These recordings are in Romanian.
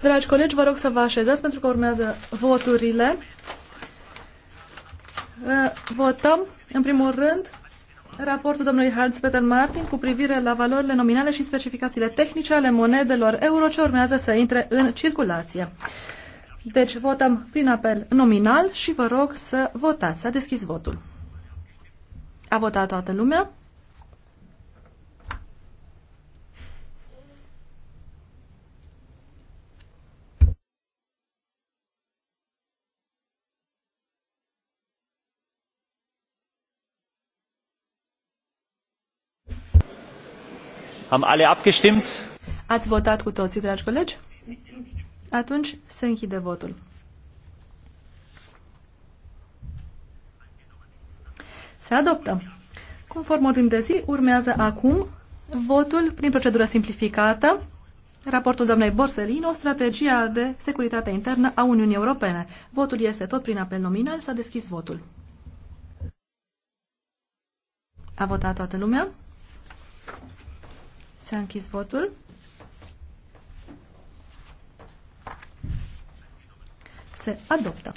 Dragi colegi, vă rog să vă așezați pentru că urmează voturile. Votăm, în primul rând, raportul domnului Hans Peter Martin cu privire la valorile nominale și specificațiile tehnice ale monedelor euro ce urmează să intre în circulație. Deci votăm prin apel nominal și vă rog să votați. S-a deschis votul. A votat toată lumea? Am alle abgestimmt? Ați votat cu toții, dragi colegi? Atunci se închide votul. Se adoptă. Conform ordinii de zi, urmează acum votul prin procedură simplificată. Raportul doamnei Borsellino, strategia de securitate internă a Uniunii Europene. Votul este tot prin apel nominal, s-a deschis votul. A votat toată lumea? S-a închis votul. Se adoptă.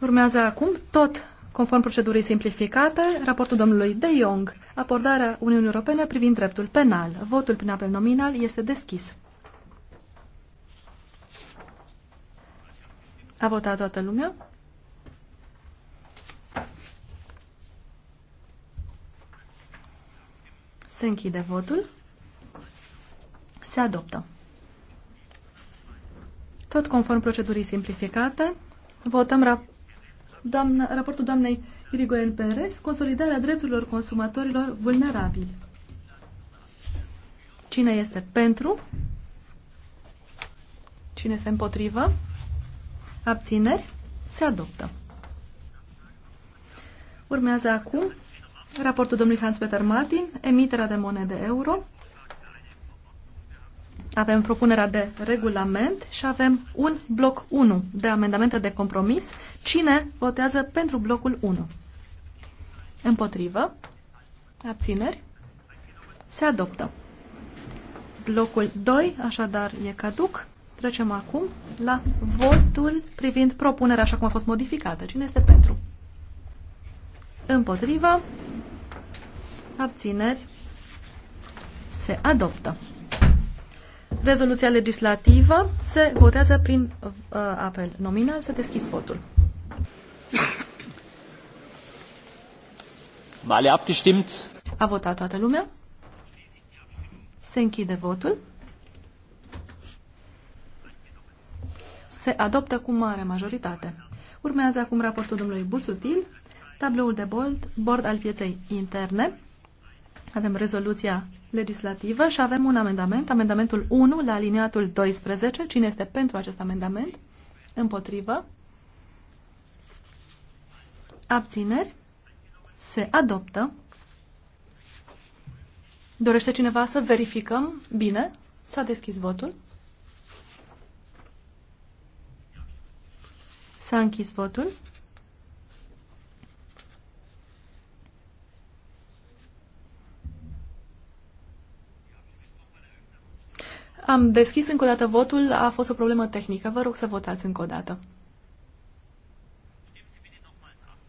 Urmează acum, tot conform procedurii simplificate, raportul domnului De Jong, abordarea Uniunii Europene privind dreptul penal. Votul prin apel nominal este deschis. A votat toată lumea? Se închide votul. Se adoptă. Tot conform procedurii simplificate, votăm rap doamna, raportul doamnei Irigoyen Perez, consolidarea drepturilor consumatorilor vulnerabili. Cine este pentru? Cine se împotrivă? Abțineri? Se adoptă. Urmează acum Raportul domnului Hans-Peter Martin, emiterea de monede euro. Avem propunerea de regulament și avem un bloc 1 de amendamente de compromis. Cine votează pentru blocul 1? Împotrivă. Abțineri. Se adoptă. Blocul 2, așadar, e caduc. Trecem acum la votul privind propunerea așa cum a fost modificată. Cine este pentru? Împotrivă abțineri, se adoptă. Rezoluția legislativă se votează prin uh, apel nominal. Să deschis votul. Male abgestimmt. A votat toată lumea. Se închide votul. Se adoptă cu mare majoritate. Urmează acum raportul domnului Busutil, tabloul de bord, bord al pieței interne. Avem rezoluția legislativă și avem un amendament, amendamentul 1 la alineatul 12. Cine este pentru acest amendament? Împotrivă? Abțineri? Se adoptă. Dorește cineva să verificăm? Bine, s-a deschis votul. S-a închis votul. Am deschis încă o dată votul, a fost o problemă tehnică. Vă rog să votați încă o dată.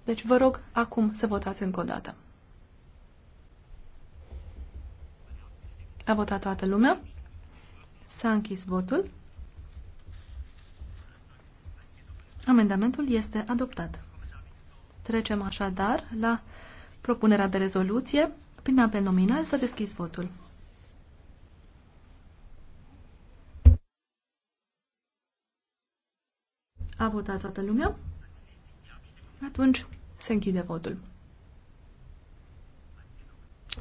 Deci vă rog acum să votați încă o dată. A votat toată lumea. S-a închis votul. Amendamentul este adoptat. Trecem așadar la propunerea de rezoluție. Prin apel nominal să deschis votul. A votat toată lumea? Atunci se închide votul.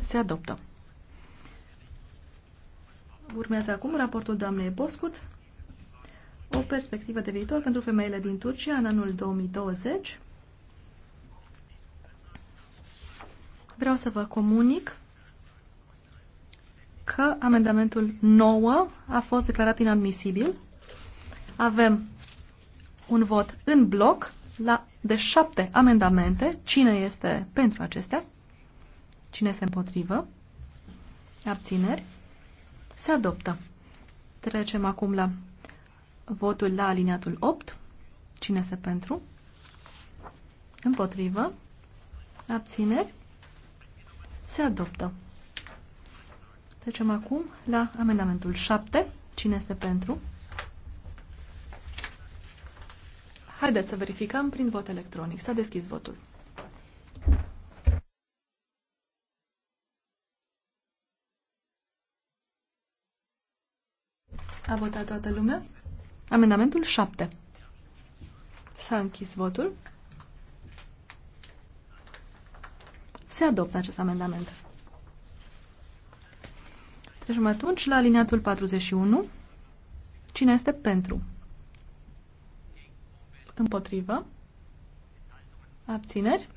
Se adoptă. Urmează acum raportul doamnei Boscut, o perspectivă de viitor pentru femeile din Turcia în anul 2020. Vreau să vă comunic că amendamentul 9 a fost declarat inadmisibil. Avem un vot în bloc la, de șapte amendamente. Cine este pentru acestea? Cine se împotrivă? Abțineri? Se adoptă. Trecem acum la votul la aliniatul 8. Cine este pentru? Împotrivă? Abțineri? Se adoptă. Trecem acum la amendamentul 7. Cine este pentru? Haideți să verificăm prin vot electronic. S-a deschis votul. A votat toată lumea? Amendamentul 7. S-a închis votul. Se adoptă acest amendament. Trecem atunci la aliniatul 41. Cine este pentru? Împotrivă. Abțineri.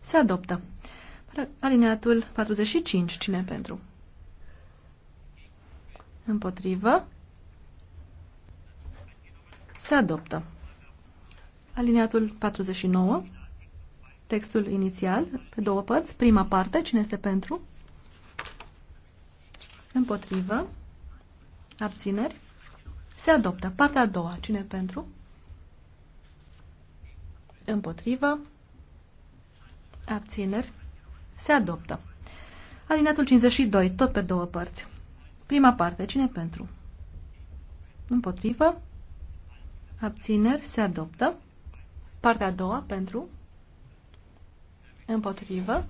Se adoptă. Alineatul 45. Cine pentru? Împotrivă. Se adoptă. Alineatul 49. Textul inițial, pe două părți. Prima parte, cine este pentru? Împotrivă. Abțineri. Se adoptă. Partea a doua, cine pentru? Împotrivă. Abțineri. Se adoptă. Alineatul 52, tot pe două părți. Prima parte, cine pentru? Împotrivă. Abțineri. Se adoptă. Partea a doua, pentru? Împotrivă.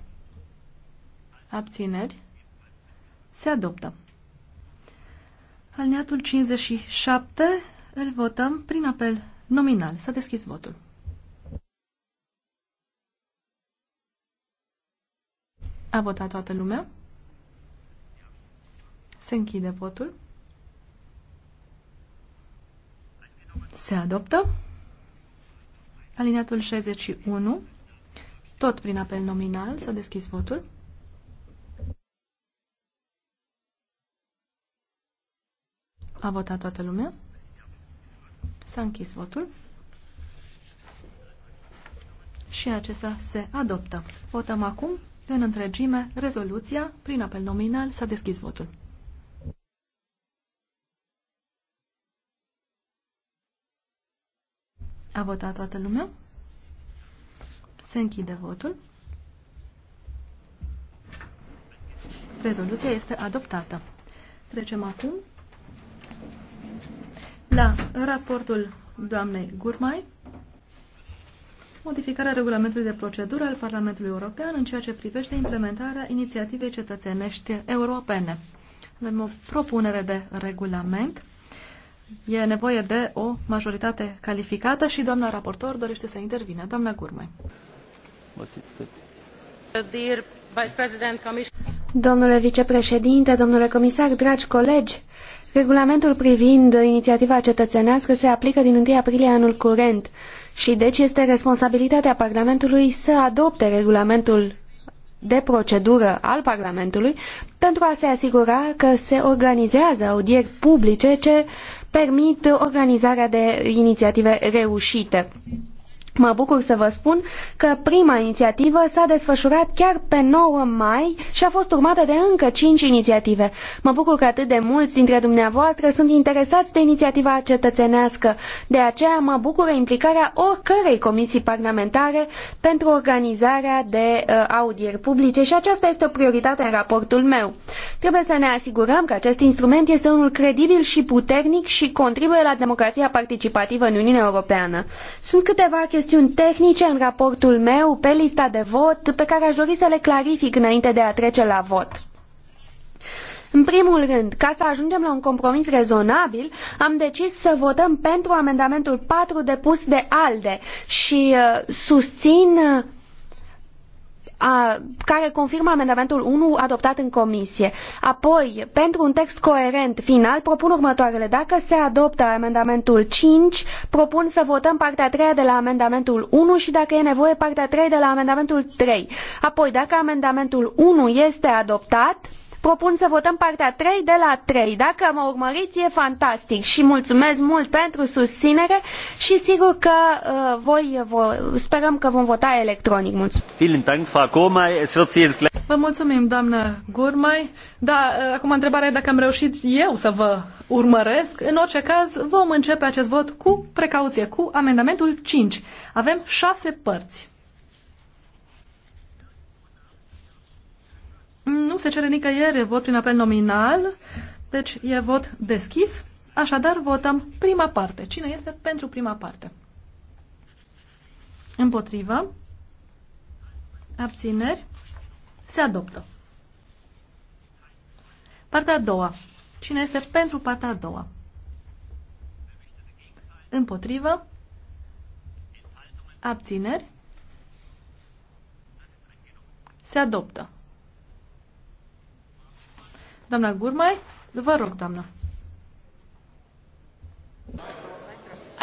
Abțineri. Se adoptă. Alineatul 57 îl votăm prin apel nominal. S-a deschis votul. A votat toată lumea? Se închide votul. Se adoptă. Alineatul 61. Tot prin apel nominal s-a deschis votul. A votat toată lumea. S-a închis votul. Și acesta se adoptă. Votăm acum în întregime rezoluția prin apel nominal. S-a deschis votul. A votat toată lumea? Se închide votul. Rezoluția este adoptată. Trecem acum la raportul doamnei Gurmai modificarea regulamentului de procedură al Parlamentului European în ceea ce privește implementarea inițiativei cetățenești europene. Avem o propunere de regulament. E nevoie de o majoritate calificată și doamna raportor dorește să intervină. Doamna Gurmai. Domnule vicepreședinte, domnule comisar, dragi colegi, regulamentul privind inițiativa cetățenească se aplică din 1 aprilie anul curent. Și deci este responsabilitatea Parlamentului să adopte regulamentul de procedură al Parlamentului pentru a se asigura că se organizează audieri publice ce permit organizarea de inițiative reușite. Mă bucur să vă spun că prima inițiativă s-a desfășurat chiar pe 9 mai și a fost urmată de încă 5 inițiative. Mă bucur că atât de mulți dintre dumneavoastră sunt interesați de inițiativa cetățenească. De aceea mă bucură implicarea oricărei comisii parlamentare pentru organizarea de uh, audieri publice și aceasta este o prioritate în raportul meu. Trebuie să ne asigurăm că acest instrument este unul credibil și puternic și contribuie la democrația participativă în Uniunea Europeană. Sunt câteva chestiuni chestiuni tehnice în raportul meu pe lista de vot pe care aș dori să le clarific înainte de a trece la vot. În primul rând, ca să ajungem la un compromis rezonabil, am decis să votăm pentru amendamentul patru depus de ALDE și uh, susțin uh, a, care confirmă amendamentul 1 adoptat în comisie. Apoi, pentru un text coerent final, propun următoarele. Dacă se adoptă amendamentul 5, propun să votăm partea 3 de la amendamentul 1 și dacă e nevoie partea 3 de la amendamentul 3. Apoi, dacă amendamentul 1 este adoptat, Propun să votăm partea 3 de la 3. Dacă mă urmăriți, e fantastic și mulțumesc mult pentru susținere și sigur că uh, voi, vo, sperăm că vom vota electronic. Mulțumesc. Vă mulțumim, doamnă Gurmai. Da, uh, acum întrebarea e dacă am reușit eu să vă urmăresc. În orice caz, vom începe acest vot cu precauție, cu amendamentul 5. Avem șase părți. Nu se cere nicăieri vot prin apel nominal, deci e vot deschis. Așadar, votăm prima parte. Cine este pentru prima parte? Împotrivă. Abțineri. Se adoptă. Partea a doua. Cine este pentru partea a doua? Împotrivă. Abțineri. Se adoptă. Doamna Gurmai, vă rog, doamna.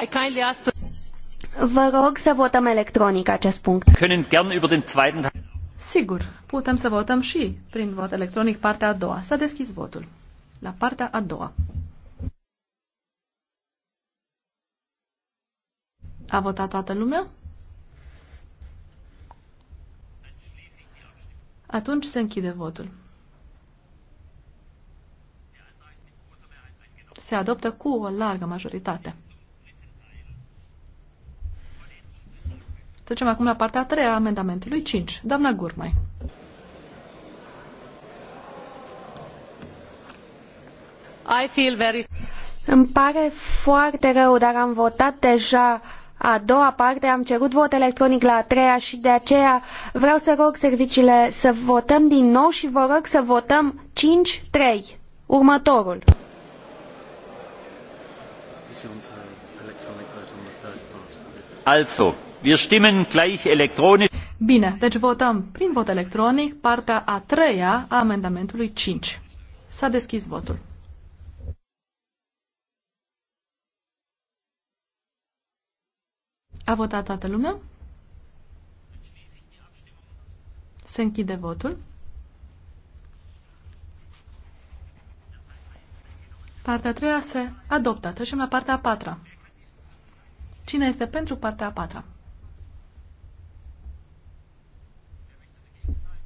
I kindly ask to... Vă rog să votăm electronic acest punct. Sigur, putem să votăm și prin vot electronic partea a doua. S-a deschis votul. La partea a doua. A votat toată lumea? Atunci se închide votul. se adoptă cu o largă majoritate. Trecem acum la partea a treia a amendamentului 5. Doamna Gurmai. I feel very... Îmi pare foarte rău, dar am votat deja a doua parte, am cerut vot electronic la a treia și de aceea vreau să rog serviciile să votăm din nou și vă rog să votăm 5-3. Următorul. Also, wir stimmen gleich elektronisch. Bine, deci votăm prin vot electronic partea a treia a amendamentului 5. S-a deschis votul. A votat toată lumea? Se închide votul. Partea a treia se adoptă. Trecem la partea a patra. Cine este pentru partea a patra?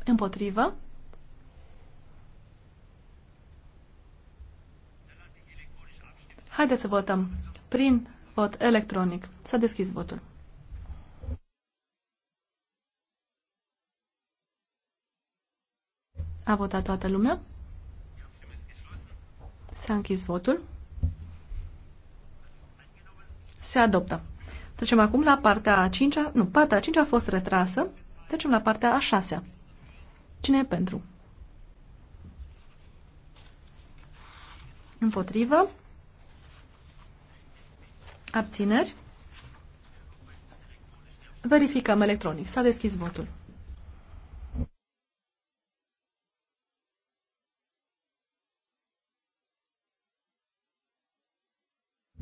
Împotrivă. Haideți să votăm prin vot electronic. S-a deschis votul. A votat toată lumea? S-a închis votul. Se adoptă. Trecem acum la partea a cincea. Nu, partea a cincea a fost retrasă. Trecem la partea a șasea. Cine e pentru? Împotrivă. Abțineri. Verificăm electronic. S-a deschis votul.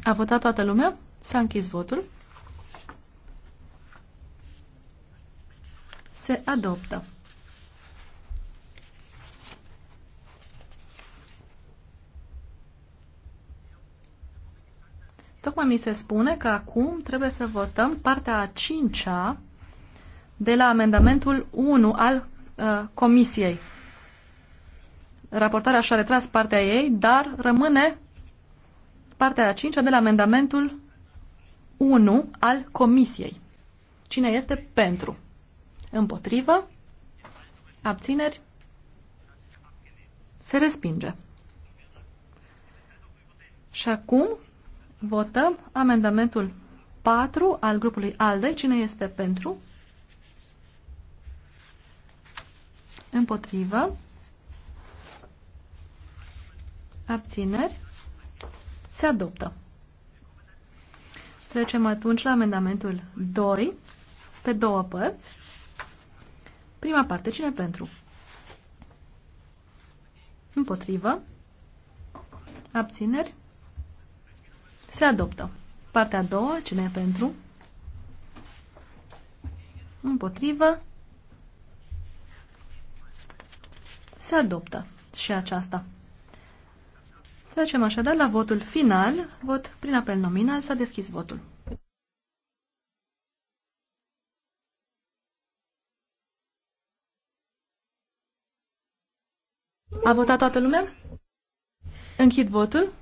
A votat toată lumea? S-a închis votul. Se adoptă. Tocmai mi se spune că acum trebuie să votăm partea a cincea de la amendamentul 1 al uh, Comisiei. Raportarea și-a retras partea ei, dar rămâne partea a cincea de la amendamentul 1 al Comisiei. Cine este pentru? Împotrivă? Abțineri? Se respinge. Și acum votăm amendamentul 4 al grupului ALDE. Cine este pentru? Împotrivă? Abțineri? Se adoptă. Trecem atunci la amendamentul 2, pe două părți. Prima parte, cine pentru? Împotrivă. Abțineri. Se adoptă. Partea a doua, cine pentru? Împotrivă. Se adoptă și aceasta. Trecem așadar la votul final. Vot prin apel nominal. S-a deschis votul. A votat toată lumea? Închid votul.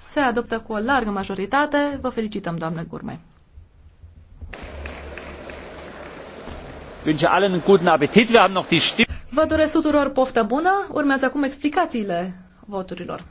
Se adoptă cu o largă majoritate. Vă felicităm, doamne Gurme. Wünsche allen einen guten Appetit. Wir haben noch die Stimme. Vă doresc tuturor poftă bună. Urmează acum explicațiile voturilor.